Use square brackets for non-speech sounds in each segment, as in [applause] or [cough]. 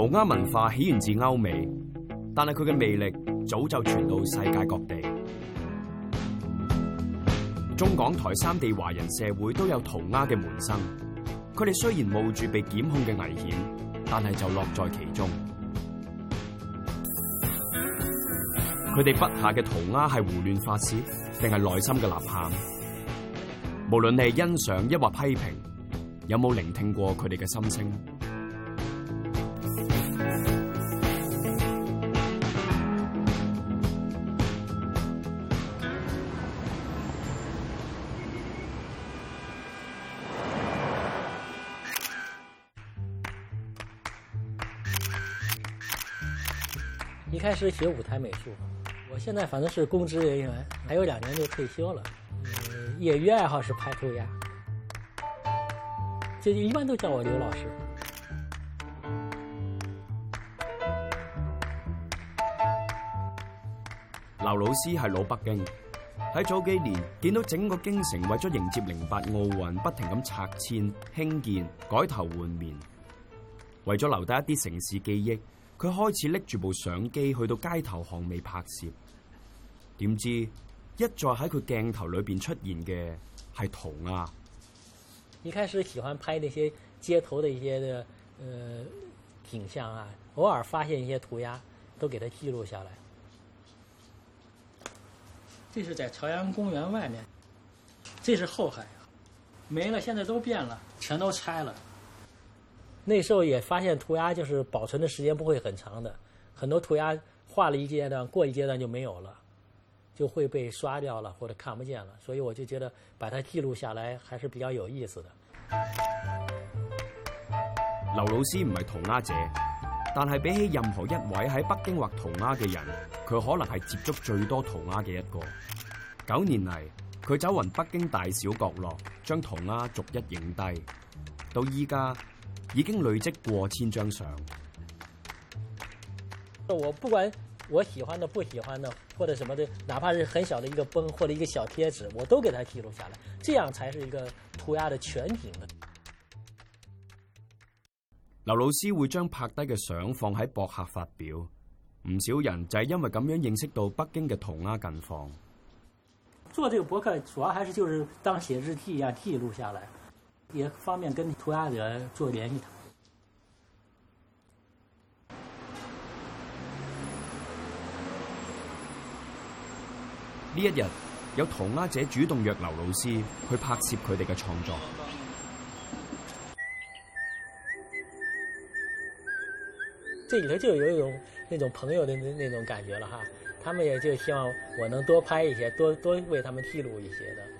塗鴉文化起源自歐美，但係佢嘅魅力早就傳到世界各地。中港台三地華人社會都有塗鴉嘅門生，佢哋雖然冒住被檢控嘅危險，但係就樂在其中。佢哋筆下嘅塗鴉係胡亂發洩，定係內心嘅吶喊？無論你係欣賞抑或批評，有冇聆聽過佢哋嘅心聲？開始學舞台美術，我現在反正是公職人員，還有兩年就退休了。嗯、業餘愛好是拍塗鴉，就一般都叫我劉老師。劉老師係老北京，喺早幾年見到整個京城為咗迎接零八奧運，不停咁拆遷、興建、改頭換面，為咗留低一啲城市記憶。佢開始拎住部相機去到街頭巷尾拍攝，點知一再喺佢鏡頭裏面出現嘅係塗鴉。一開始喜歡拍那些街頭的一些的呃景象啊，偶爾發現一些塗鴉都給它記錄下來。這是在朝陽公園外面，這是後海啊，沒了，現在都變了，全都拆了。那時候也發現塗鴉就是保存的時間不會很長的，很多塗鴉畫了一階段，過一階段就沒有了，就會被刷掉了或者看不見了。所以我就覺得把它記錄下來還是比較有意思的。劉老師唔係塗鴉者，但係比起任何一位喺北京畫塗鴉嘅人，佢可能係接觸最多塗鴉嘅一個。九年嚟，佢走匀北京大小角落，將塗鴉逐一影低，到依家。已經累積過千張相。我不管我喜歡的、不喜歡的，或者什麼的，哪怕是很小的一個崩或者一個小貼紙，我都給它記錄下來，這樣才是一個塗鴉的全景的。劉老師會將拍低嘅相放喺博客發表，唔少人就係因為咁樣認識到北京嘅塗鴉近況。做呢個博客主要還是就是當寫日記一樣記錄下來。也方便跟塗鴉者做聯繫。呢一日，有塗鴉者主動約劉老師去拍攝佢哋嘅創作。這裏頭就有一種那種朋友的那那種感覺了哈。他們也就希望我能多拍一些，多多為他們記錄一些的。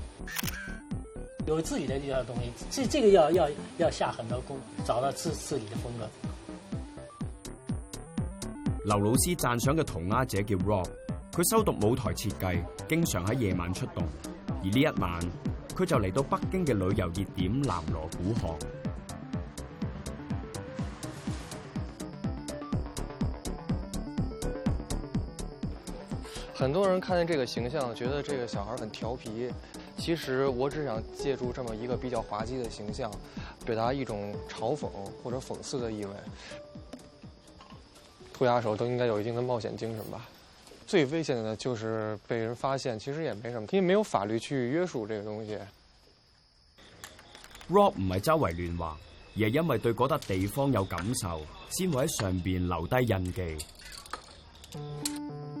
有自己的地方東西，這這個要要要下很多功，找到自自己的風格。劉老師讚賞嘅塗鴉者叫 Rob，佢修讀舞台設計，經常喺夜晚出動，而呢一晚佢就嚟到北京嘅旅遊熱點南鑼鼓巷。很多人看見這個形象，覺得這個小孩很調皮。其實我只想借助這麼一個比較滑稽的形象，表達一種嘲諷或者諷刺的意味。塗鴉手都應該有一定的冒險精神吧？最危險的就是被人發現，其實也沒什麼，因為沒有法律去約束這個東西。Rob 唔係周圍亂畫，而係因為對嗰笪地方有感受，先會喺上邊留低印記。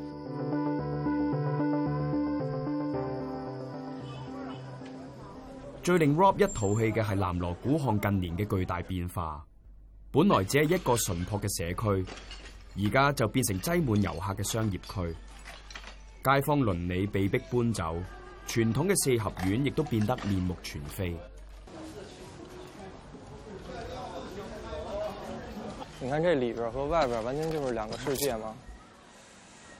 最令 Rob 一肚氣嘅係南鑼鼓巷近年嘅巨大變化，本來只係一個淳樸嘅社區，而家就變成擠滿遊客嘅商業區，街坊鄰里被迫搬走，傳統嘅四合院亦都變得面目全非。你看這裏邊和外邊完全就是兩個世界嘛。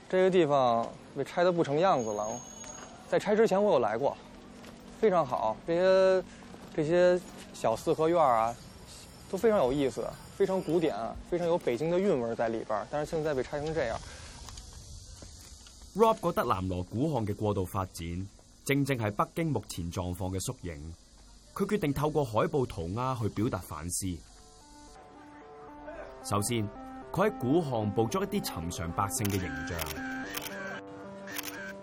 這個地方被拆得不成樣子了，在拆之前我有來過。非常好，這些這些小四合院啊，都非常有意思，非常古典，非常有北京的韻味在裏邊，但是現在被拆成這樣。Rob 覺得南鑼鼓巷嘅過度發展，正正係北京目前狀況嘅縮影。佢決定透過海報塗鴉去表達反思。首先，佢喺鼓巷捕捉了一啲尋常百姓嘅形象。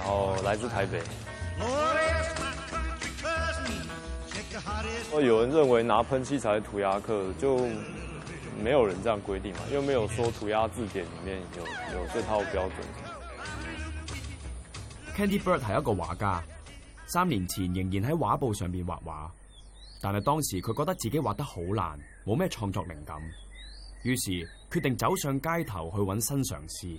然後來自台北。哦，有人認為拿噴漆才塗鴉客就沒有人這樣規定嘛，又沒有說塗鴉字典裏面有有這套標準。Candy Bird 係一個畫家，三年前仍然喺畫布上面畫畫，但係當時佢覺得自己畫得好難，冇咩創作靈感，於是決定走上街頭去揾新嘗試。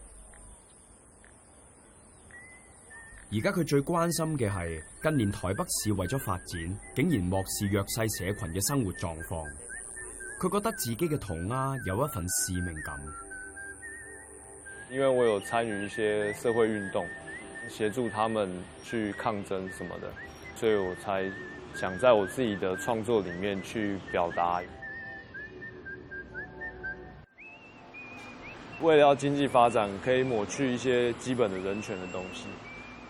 而家佢最關心嘅係近年台北市為咗發展，竟然漠視弱勢社群嘅生活狀況。佢覺得自己嘅塗鴉有一份使命感。因為我有參與一些社會運動，協助他們去抗爭什麼的，所以我才想在我自己的創作裏面去表達。為了要經濟發展，可以抹去一些基本的人權嘅東西。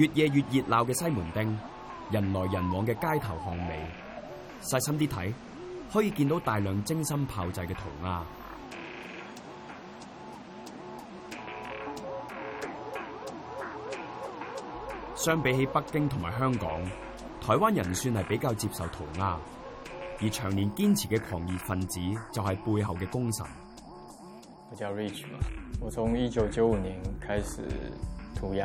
越夜越熱鬧嘅西門町，人來人往嘅街頭巷尾，細心啲睇可以見到大量精心炮製嘅塗鴉。相比起北京同埋香港，台灣人算係比較接受塗鴉，而長年堅持嘅狂熱分子就係背後嘅功臣。我叫 Rich 嘛，我從一九九五年開始塗鴉。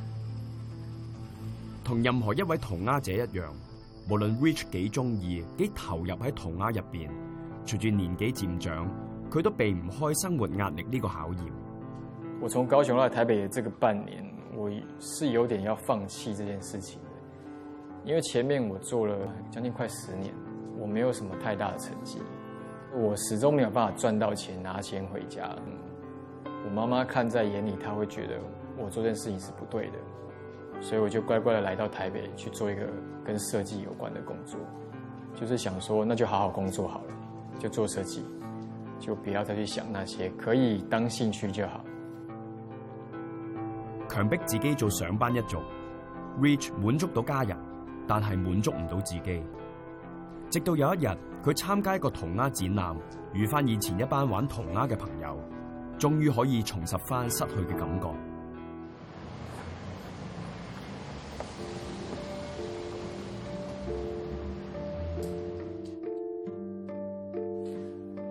同任何一位塗鴉者一樣，無論 Rich 幾中意、幾投入喺塗鴉入邊，隨住年紀漸長，佢都避唔開生活壓力呢個考驗。我從高雄到台北嘅這個半年，我是有點要放棄這件事情，因為前面我做了將近快十年，我沒有什麼太大的成績，我始終沒有辦法賺到錢拿錢回家。我媽媽看在眼裏，她會覺得我做這件事情是不對的。所以我就乖乖地來到台北去做一個跟設計有關的工作，就是想說，那就好好工作好了，就做設計，就不要再去想那些，可以當興趣就好。強迫自己做上班一族，Rich 滿足到家人，但係滿足唔到自己。直到有一日，佢參加一個塗鴉展覽，遇翻以前一班玩塗鴉嘅朋友，終於可以重拾翻失去嘅感覺。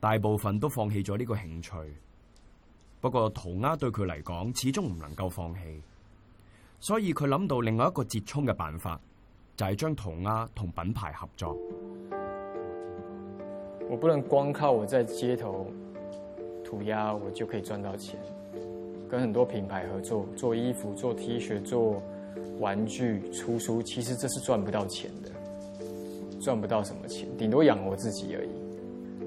大部分都放棄咗呢個興趣，不過塗鴉對佢嚟講始終唔能夠放棄，所以佢諗到另外一個折衷嘅辦法，就係將塗鴉同品牌合作。我不能光靠我在街頭塗鴉，我就可以賺到錢。跟很多品牌合作，做衣服、做 T 恤、做玩具、出書，其實這是賺不到錢的，賺不到什麼錢，頂多養我自己而已。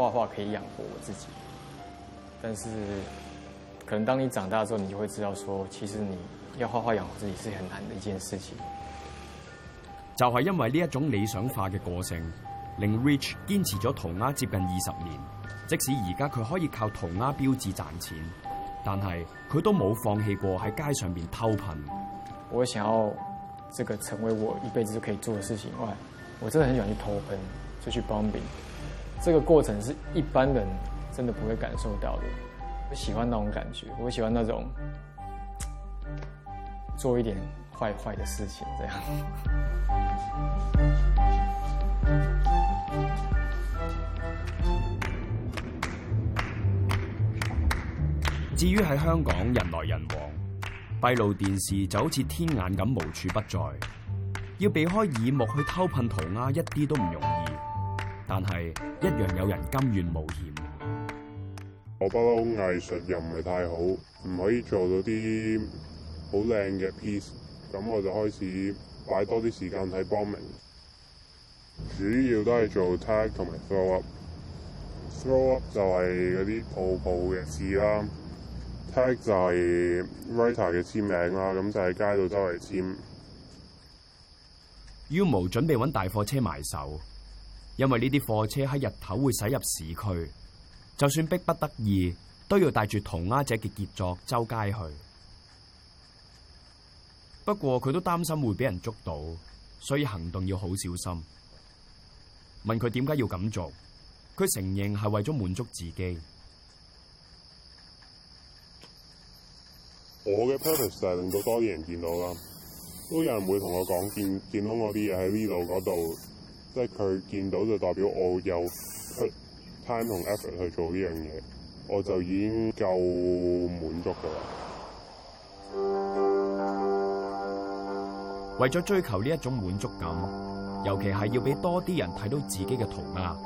畫畫可以養活我自己，但是可能當你長大之後，你就會知道說，其實你要畫畫養活自己是很難的一件事情。就係因為呢一種理想化嘅個性，令 Rich 堅持咗塗鴉接近二十年。即使而家佢可以靠塗鴉標誌賺錢，但係佢都冇放棄過喺街上面偷噴。我想要，這個成為我一輩子可以做嘅事情。外，我真的很喜歡去偷噴，就去 bombing 這個過程是一般人真的不會感受到的。我喜歡那種感覺，我喜歡那種做一點壞壞的事情，這樣。至於喺香港，人來人往，閉路電視就好似天眼咁無處不在，要避開耳目去偷噴塗鴉，一啲都唔容易。但係一樣有人甘願冒險。我不嬲藝術又唔係太好，唔可以做到啲好靚嘅 piece，咁我就開始擺多啲時間喺 bombing。主要都係做 tag 同埋 throw up，throw up 就係嗰啲泡泡嘅字啦，tag 就係 writer 嘅簽名啦，咁就喺街度周圍簽。Umo 準備揾大貨車埋手。因為呢啲貨車喺日頭會駛入市區，就算逼不得已，都要帶住塗鴉者嘅傑作周街去。不過佢都擔心會俾人捉到，所以行動要好小心。問佢點解要咁做，佢承認係為咗滿足自己。我嘅 purpose 就係令到多啲人見到啦，都有人會同我講見見通嗰啲嘢喺呢度嗰度。即係佢見到就代表我有 time 同 effort 去做呢樣嘢，我就已經夠滿足嘅啦。為咗追求呢一種滿足感，尤其係要俾多啲人睇到自己嘅塗鴉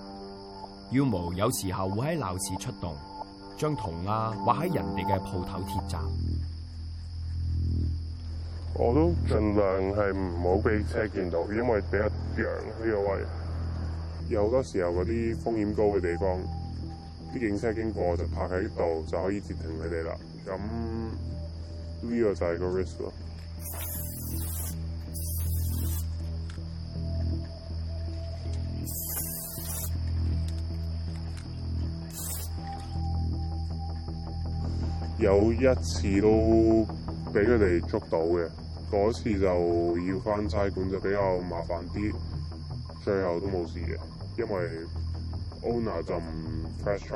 ，Umo 有時候會喺鬧市出動，將塗鴉畫喺人哋嘅鋪頭鐵閘。我都儘量係唔好俾車見到，因為比較陽呢個位。有好多時候嗰啲風險高嘅地方，啲警車經過就泊喺度，就可以截停佢哋啦。咁呢個就係個 risk 咯。 [noise] 有一次都俾佢哋捉到嘅。嗰次就要返差館就比較麻煩啲，最後都冇事嘅，因為 owner 就唔介意。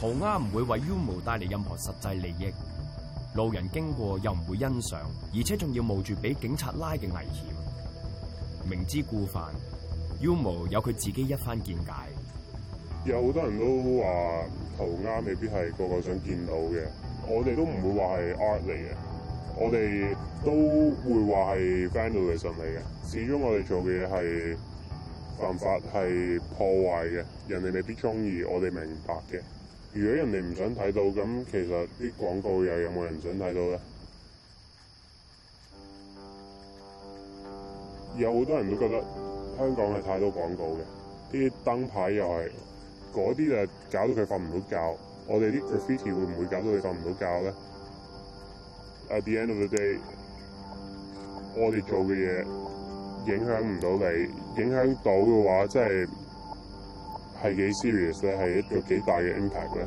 塗鴉唔會為、y、Umo 帶嚟任何實際利益，路人經過又唔會欣賞，而且仲要冒住俾警察拉嘅危險，明知故犯。u m 有佢自己一番見解，有好多人都話塗鴉未必係個個想見到嘅，我哋都唔會話係 art 嚟嘅，我哋都會話係 vandalism 嘅上嚟嘅。始終我哋做嘅嘢係犯法，係破壞嘅，人哋未必中意，我哋明白嘅。如果人哋唔想睇到，咁其實啲廣告又有冇人想睇到咧？有好多人都覺得。香港係太多廣告嘅，啲燈牌又係嗰啲，就搞到佢瞓唔到覺。我哋啲 graffiti 會唔會搞到你瞓唔到覺咧？At the end of the day，我哋做嘅嘢影響唔到你，影響到嘅話，即係係幾 serious 咧？係一個幾大嘅 impact 咧？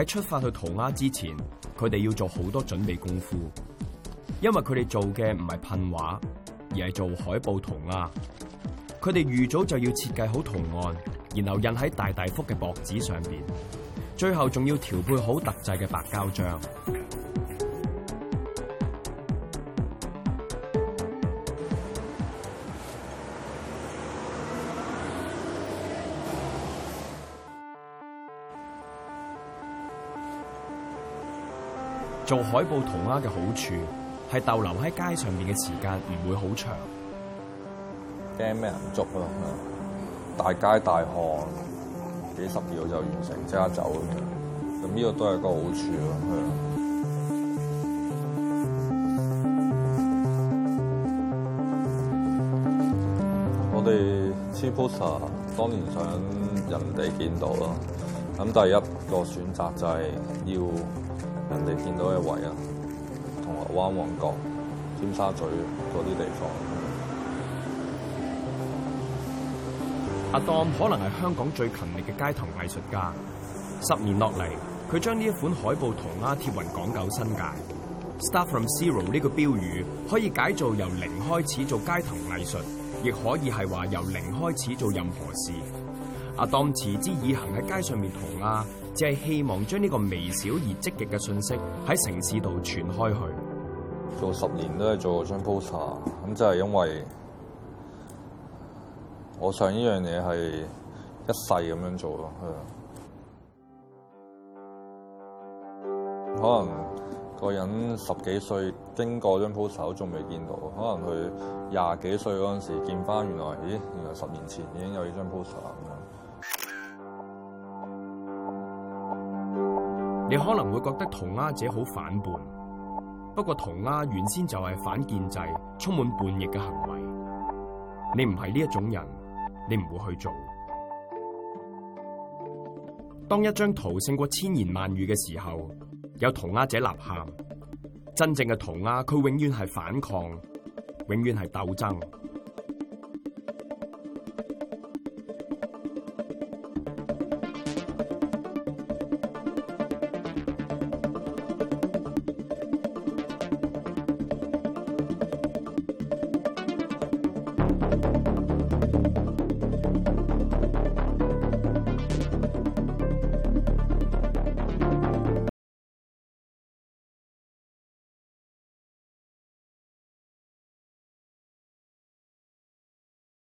喺出發去塗鴉之前，佢哋要做好多準備功夫，因為佢哋做嘅唔係噴畫，而係做海報塗鴉。佢哋預早就要設計好圖案，然後印喺大大幅嘅薄紙上邊，最後仲要調配好特製嘅白膠漿。做海報塗鴉嘅好處係逗留喺街上面嘅時間唔會好長，驚咩人捉啊？大街大巷幾十秒就完成，即刻走咁樣，咁呢個都係一個好處咯。係 [music] 我哋攝 poster 當年想人哋見到咯，咁第一個選擇就係要。人哋見到一位啊，銅鑼灣、旺角、尖沙咀嗰啲地方。阿當可能係香港最勤力嘅街頭藝術家，十年落嚟，佢將呢一款海報塗鴉貼勻港九新界。Start from zero 呢個標語可以解做由零開始做街頭藝術，亦可以係話由零開始做任何事。阿當持之以恒喺街上面塗鴉。只係希望將呢個微小而積極嘅信息喺城市度傳開去。做十年都係做一張 poster，咁就係因為我想呢樣嘢係一世咁樣做咯。係啊。可能個人十幾歲經過一張 poster 仲未見到，可能佢廿幾歲嗰陣時候見翻，原來咦，原來十年前已經有呢張 poster。你可能會覺得塗鴉者好反叛，不過塗鴉原先就係反建制、充滿叛逆嘅行為。你唔係呢一種人，你唔會去做。當一張圖勝過千言萬語嘅時候，有塗鴉者吶喊。真正嘅塗鴉，佢永遠係反抗，永遠係鬥爭。